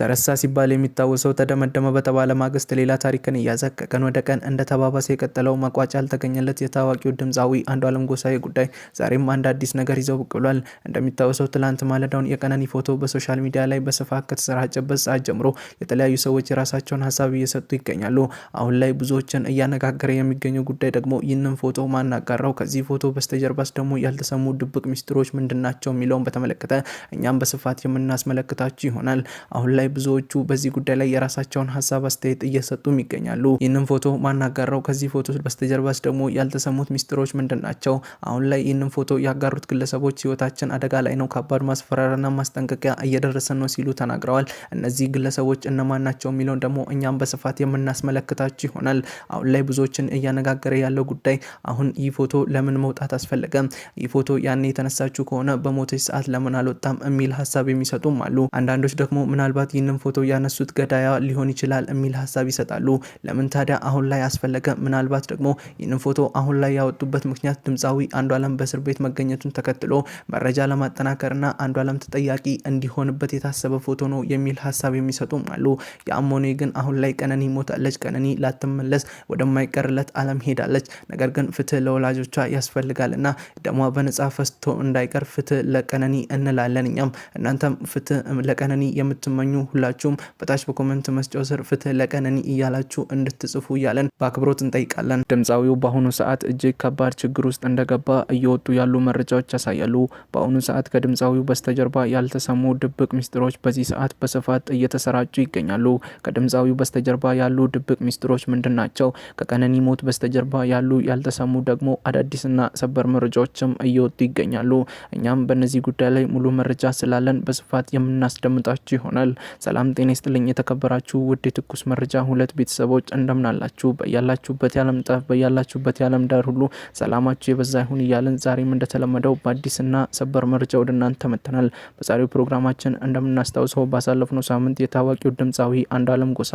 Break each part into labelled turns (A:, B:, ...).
A: ተረሳ ሲባል የሚታወሰው ተደመደመ በተባለ ማግስት ሌላ ታሪክን እያዘ ከቀን ወደ ቀን እንደ ተባባሰ የቀጠለው መቋጫ ያልተገኘለት የታዋቂው ድምፃዊ አለም ጎሳዬ ጉዳይ ዛሬም አንድ አዲስ ነገር ይዘው ብቅ ብሏል። እንደሚታወሰው ትላንት ማለዳውን የቀነኒ ፎቶ በሶሻል ሚዲያ ላይ በስፋት ከተሰራጨበት ሰዓት ጀምሮ የተለያዩ ሰዎች የራሳቸውን ሀሳብ እየሰጡ ይገኛሉ። አሁን ላይ ብዙዎችን እያነጋገረ የሚገኘው ጉዳይ ደግሞ ይህንን ፎቶ ማናጋራው፣ ከዚህ ፎቶ በስተጀርባስ ደግሞ ያልተሰሙ ድብቅ ሚስጥሮች ምንድን ናቸው የሚለውን በተመለከተ እኛም በስፋት የምናስመለክታችሁ ይሆናል። አሁን ላይ ላይ ብዙዎቹ በዚህ ጉዳይ ላይ የራሳቸውን ሀሳብ አስተያየት እየሰጡም ይገኛሉ። ይህንን ፎቶ ማናጋራው ከዚህ ፎቶ በስተጀርባስ ደግሞ ያልተሰሙት ሚስጥሮች ምንድን ናቸው? አሁን ላይ ይህንን ፎቶ ያጋሩት ግለሰቦች ህይወታችን አደጋ ላይ ነው፣ ከባድ ማስፈራሪያና ማስጠንቀቂያ እየደረሰን ነው ሲሉ ተናግረዋል። እነዚህ ግለሰቦች እነማን ናቸው የሚለውን ደግሞ እኛም በስፋት የምናስመለክታችሁ ይሆናል። አሁን ላይ ብዙዎችን እያነጋገረ ያለው ጉዳይ አሁን ይህ ፎቶ ለምን መውጣት አስፈለገ? ይህ ፎቶ ያኔ የተነሳችሁ ከሆነ በሞተች ሰዓት ለምን አልወጣም የሚል ሀሳብ የሚሰጡም አሉ። አንዳንዶች ደግሞ ምናልባት ይህንን ፎቶ ያነሱት ገዳያ ሊሆን ይችላል የሚል ሀሳብ ይሰጣሉ። ለምን ታዲያ አሁን ላይ አስፈለገ? ምናልባት ደግሞ ይህንን ፎቶ አሁን ላይ ያወጡበት ምክንያት ድምፃዊ አንዷለም በእስር ቤት መገኘቱን ተከትሎ መረጃ ለማጠናከርና አንዷለም ተጠያቂ እንዲሆንበት የታሰበ ፎቶ ነው የሚል ሀሳብ የሚሰጡም አሉ። የአሞኔ ግን አሁን ላይ ቀነኒ ሞታለች፣ ቀነኒ ላትመለስ ወደማይቀርለት አለም ሄዳለች። ነገር ግን ፍትህ ለወላጆቿ ያስፈልጋልና ደሟ በነጻ ፈስቶ እንዳይቀር ፍትህ ለቀነኒ እንላለን። እኛም እናንተም ፍትህ ለቀነኒ የምትመኙ ሁላችሁም በታች በኮመንት መስጫው ስር ፍትህ ለቀነኒ እያላችሁ እንድትጽፉ እያለን በአክብሮት እንጠይቃለን።
B: ድምፃዊው በአሁኑ ሰዓት እጅግ ከባድ ችግር ውስጥ እንደገባ እየወጡ ያሉ መረጃዎች ያሳያሉ። በአሁኑ ሰዓት ከድምፃዊው በስተጀርባ ያልተሰሙ ድብቅ ሚስጥሮች በዚህ ሰዓት በስፋት እየተሰራጩ ይገኛሉ። ከድምፃዊው በስተጀርባ ያሉ ድብቅ ሚስጥሮች ምንድን ናቸው? ከቀነኒ ሞት በስተጀርባ ያሉ ያልተሰሙ ደግሞ አዳዲስና ሰበር መረጃዎችም እየወጡ ይገኛሉ። እኛም በእነዚህ ጉዳይ ላይ ሙሉ መረጃ ስላለን በስፋት የምናስደምጣችሁ ይሆናል። ሰላም ጤና ይስጥልኝ። የተከበራችሁ ውድ የትኩስ መረጃ ሁለት ቤተሰቦች እንደምናላችሁ በያላችሁበት የዓለም ጠፍ በያላችሁበት የዓለም ዳር ሁሉ ሰላማችሁ የበዛ ይሁን እያለን ዛሬም እንደተለመደው በአዲስና ሰበር መረጃ ወደ እናንተ መጥተናል። በዛሬው ፕሮግራማችን እንደምናስታውሰው ባሳለፍነው ሳምንት የታዋቂው ድምፃዊ አንዱዓለም ጎሳ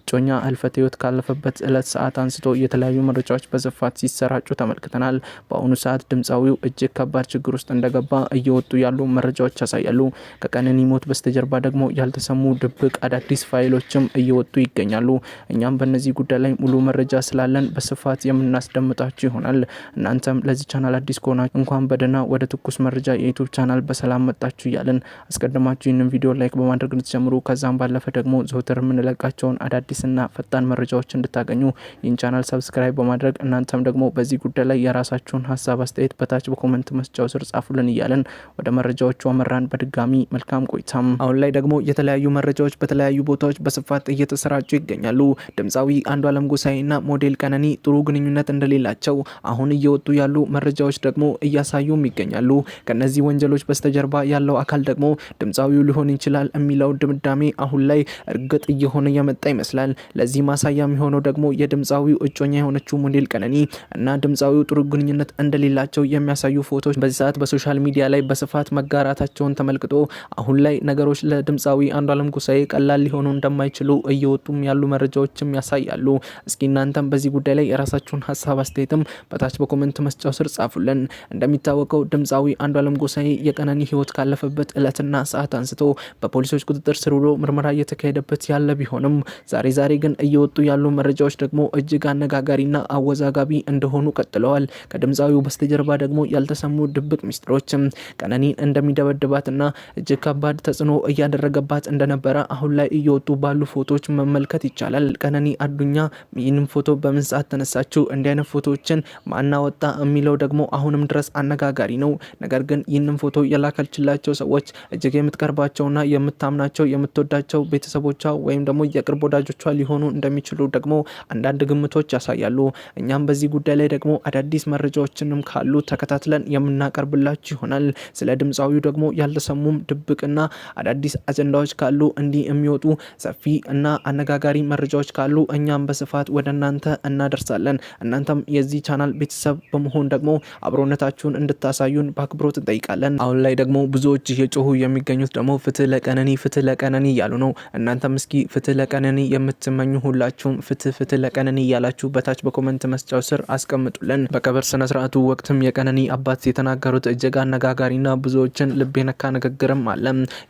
B: እጮኛ ህልፈት ህይወት ካለፈበት እለት ሰዓት አንስቶ የተለያዩ መረጃዎች በስፋት ሲሰራጩ ተመልክተናል። በአሁኑ ሰዓት ድምፃዊው እጅግ ከባድ ችግር ውስጥ እንደገባ እየወጡ ያሉ መረጃዎች ያሳያሉ። ከቀነኒ ሞት በስተጀርባ ደግሞ ያልተሰ የተሰሙ ድብቅ አዳዲስ ፋይሎችም እየወጡ ይገኛሉ። እኛም በእነዚህ ጉዳይ ላይ ሙሉ መረጃ ስላለን በስፋት የምናስደምጣችሁ ይሆናል። እናንተም ለዚህ ቻናል አዲስ ከሆናችሁ እንኳን በደህና ወደ ትኩስ መረጃ የዩቱብ ቻናል በሰላም መጣችሁ እያለን አስቀድማችሁ ይህንን ቪዲዮ ላይክ በማድረግ እንድትጀምሩ ከዛም ባለፈ ደግሞ ዘውትር የምንለቃቸውን አዳዲስና ፈጣን መረጃዎች እንድታገኙ ይህን ቻናል ሰብስክራይብ በማድረግ እናንተም ደግሞ በዚህ ጉዳይ ላይ የራሳችሁን ሀሳብ አስተያየት በታች በኮመንት መስጫው ስር ጻፉልን እያለን ወደ መረጃዎቹ አመራን። በድጋሚ መልካም ቆይታም።
A: አሁን ላይ ደግሞ የተለያዩ የተለያዩ መረጃዎች በተለያዩ ቦታዎች በስፋት እየተሰራጩ ይገኛሉ። ድምፃዊ አንዷለም ጎሳኤና ሞዴል ቀነኒ ጥሩ ግንኙነት እንደሌላቸው አሁን እየወጡ ያሉ መረጃዎች ደግሞ እያሳዩም ይገኛሉ። ከእነዚህ ወንጀሎች በስተጀርባ ያለው አካል ደግሞ ድምፃዊው ሊሆን ይችላል የሚለው ድምዳሜ አሁን ላይ እርግጥ እየሆነ የመጣ ይመስላል። ለዚህ ማሳያ የሚሆነው ደግሞ የድምፃዊው እጮኛ የሆነችው ሞዴል ቀነኒ እና ድምፃዊው ጥሩ ግንኙነት እንደሌላቸው የሚያሳዩ ፎቶዎች በዚህ ሰዓት በሶሻል ሚዲያ ላይ በስፋት መጋራታቸውን ተመልክቶ አሁን ላይ ነገሮች ለድምፃዊ አንዷ በአለም ጎሳኤ ቀላል ሊሆኑ እንደማይችሉ እየወጡም ያሉ መረጃዎችም ያሳያሉ። እስኪ እናንተም በዚህ ጉዳይ ላይ የራሳችሁን ሀሳብ አስተያየትም በታች በኮመንት መስጫው ስር ጻፉልን። እንደሚታወቀው ድምፃዊ አንዱዓለም ጎሳኤ የቀነኒ ህይወት ካለፈበት እለትና ሰዓት አንስቶ በፖሊሶች ቁጥጥር ስር ውሎ ምርመራ እየተካሄደበት ያለ ቢሆንም ዛሬ ዛሬ ግን እየወጡ ያሉ መረጃዎች ደግሞ እጅግ አነጋጋሪና አወዛጋቢ እንደሆኑ ቀጥለዋል። ከድምፃዊው በስተጀርባ ደግሞ ያልተሰሙ ድብቅ ሚስጥሮችም ቀነኒን እንደሚደበድባትና እጅግ ከባድ ተጽዕኖ እያደረገባት እንደ እንደነበረ አሁን ላይ እየወጡ ባሉ ፎቶዎች መመልከት ይቻላል። ቀነኒ አዱኛ ይህንም ፎቶ በምን ሰዓት ተነሳችው? እንዲህ አይነት ፎቶዎችን ማናወጣ የሚለው ደግሞ አሁንም ድረስ አነጋጋሪ ነው። ነገር ግን ይህንም ፎቶ የላከችላቸው ሰዎች እጅግ የምትቀርባቸውና የምታምናቸው የምትወዳቸው ቤተሰቦቿ ወይም ደግሞ የቅርብ ወዳጆቿ ሊሆኑ እንደሚችሉ ደግሞ አንዳንድ ግምቶች ያሳያሉ። እኛም በዚህ ጉዳይ ላይ ደግሞ አዳዲስ መረጃዎችንም ካሉ ተከታትለን የምናቀርብላችሁ ይሆናል። ስለ ድምፃዊው ደግሞ ያልተሰሙም ድብቅና አዳዲስ አጀንዳዎች ካሉ ካሉ እንዲህ የሚወጡ ሰፊ እና አነጋጋሪ መረጃዎች ካሉ እኛም በስፋት ወደ እናንተ እናደርሳለን። እናንተም የዚህ ቻናል ቤተሰብ በመሆን ደግሞ አብሮነታችሁን እንድታሳዩን በአክብሮት እንጠይቃለን። አሁን ላይ ደግሞ ብዙዎች እየጮሁ የሚገኙት ደግሞ ፍትህ ለቀነኒ ፍትህ ለቀነኒ እያሉ ነው። እናንተም እስኪ ፍትህ ለቀነኒ የምትመኙ ሁላችሁም ፍትህ ፍትህ ለቀነኒ እያላችሁ በታች በኮመንት መስጫው ስር አስቀምጡልን። በቀብር ስነ ወቅትም የቀነኒ አባት የተናገሩት እጅግ አነጋጋሪና ብዙዎችን ልብ የነካ ንግግርም አለ።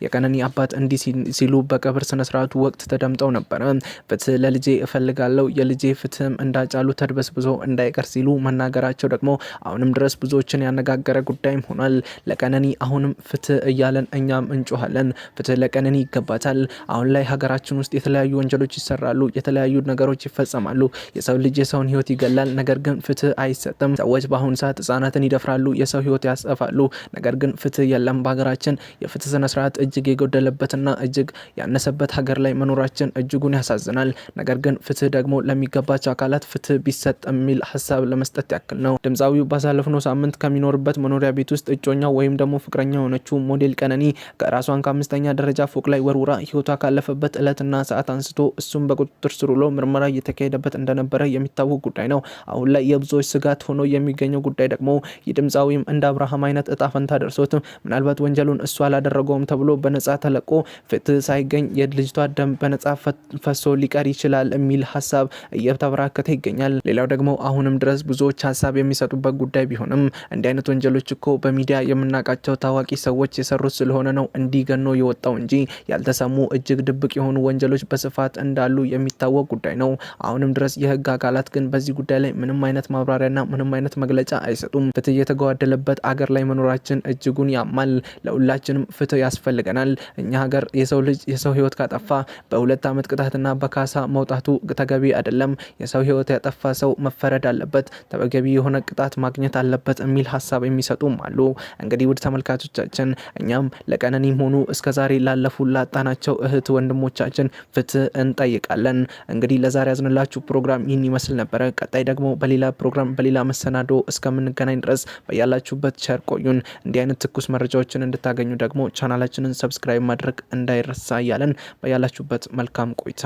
A: የቀነኒ አባት እንዲህ ሲሉ በቀብር ስነስርዓቱ ወቅት ተደምጠው ነበረ። ፍትህ ለልጄ እፈልጋለሁ፣ የልጄ ፍትህም እንዳጫሉ ተድበስብሶ እንዳይቀር ሲሉ መናገራቸው ደግሞ አሁንም ድረስ ብዙዎችን ያነጋገረ ጉዳይም ሆኗል። ለቀነኒ አሁንም ፍትህ እያለን እኛም እንጮኋለን። ፍትህ ለቀነኒ ይገባታል። አሁን ላይ ሀገራችን ውስጥ የተለያዩ ወንጀሎች ይሰራሉ፣ የተለያዩ ነገሮች ይፈጸማሉ። የሰው ልጅ የሰውን ህይወት ይገላል፣ ነገር ግን ፍትህ አይሰጥም። ሰዎች በአሁኑ ሰዓት ህጻናትን ይደፍራሉ፣ የሰው ህይወት ያስጠፋሉ፣ ነገር ግን ፍትህ የለም። በሀገራችን የፍትህ ስነስርዓት እጅግ የጎደለበትና እጅግ እጅግ ያነሰበት ሀገር ላይ መኖራችን እጅጉን ያሳዝናል። ነገር ግን ፍትህ ደግሞ ለሚገባቸው አካላት ፍትህ ቢሰጥ የሚል ሀሳብ ለመስጠት ያክል ነው። ድምፃዊው ባሳለፍነው ሳምንት ከሚኖርበት መኖሪያ ቤት ውስጥ እጮኛው ወይም ደግሞ ፍቅረኛ የሆነችው ሞዴል ቀነኒ ከራሷን ከአምስተኛ ደረጃ ፎቅ ላይ ወርውራ ህይወቷ ካለፈበት እለትና ሰዓት አንስቶ እሱም በቁጥጥር ስር ውሎ ምርመራ እየተካሄደበት እንደነበረ የሚታወቅ ጉዳይ ነው። አሁን ላይ የብዙዎች ስጋት ሆኖ የሚገኘው ጉዳይ ደግሞ የድምፃዊም እንደ አብርሃም አይነት እጣፈንታ ደርሶት ምናልባት ወንጀሉን እሱ አላደረገውም ተብሎ በነጻ ተለቆ ፍትህ ፍትህ ሳይገኝ የልጅቷ ደም በነጻ ፈሶ ሊቀር ይችላል የሚል ሀሳብ እየተበራከተ ይገኛል። ሌላው ደግሞ አሁንም ድረስ ብዙዎች ሀሳብ የሚሰጡበት ጉዳይ ቢሆንም እንዲህ አይነት ወንጀሎች እኮ በሚዲያ የምናውቃቸው ታዋቂ ሰዎች የሰሩት ስለሆነ ነው እንዲገኖ የወጣው እንጂ ያልተሰሙ እጅግ ድብቅ የሆኑ ወንጀሎች በስፋት እንዳሉ የሚታወቅ ጉዳይ ነው። አሁንም ድረስ የህግ አካላት ግን በዚህ ጉዳይ ላይ ምንም አይነት ማብራሪያና ምንም አይነት መግለጫ አይሰጡም። ፍትህ የተጓደለበት አገር ላይ መኖራችን እጅጉን ያማል። ለሁላችንም ፍትህ ያስፈልገናል። እኛ ሀገር የሰው ልጅ የሰው ህይወት ካጠፋ በሁለት ዓመት ቅጣትና በካሳ መውጣቱ ተገቢ አይደለም። የሰው ህይወት ያጠፋ ሰው መፈረድ አለበት፣ ተገቢ የሆነ ቅጣት ማግኘት አለበት የሚል ሀሳብ የሚሰጡም አሉ። እንግዲህ ውድ ተመልካቾቻችን እኛም ለቀነኒም ሆኑ እስከዛሬ ላለፉ ላጣናቸው እህት ወንድሞቻችን ፍትህ እንጠይቃለን። እንግዲህ ለዛሬ ያዝንላችሁ ፕሮግራም ይህን ይመስል ነበረ። ቀጣይ ደግሞ በሌላ ፕሮግራም በሌላ መሰናዶ እስከምንገናኝ ድረስ በያላችሁበት ቸር ቆዩን። እንዲህ አይነት ትኩስ መረጃዎችን እንድታገኙ ደግሞ ቻናላችንን ሰብስክራይብ ማድረግ እንዳይ እንዳይረሳ እያለን በያላችሁበት መልካም ቆይታ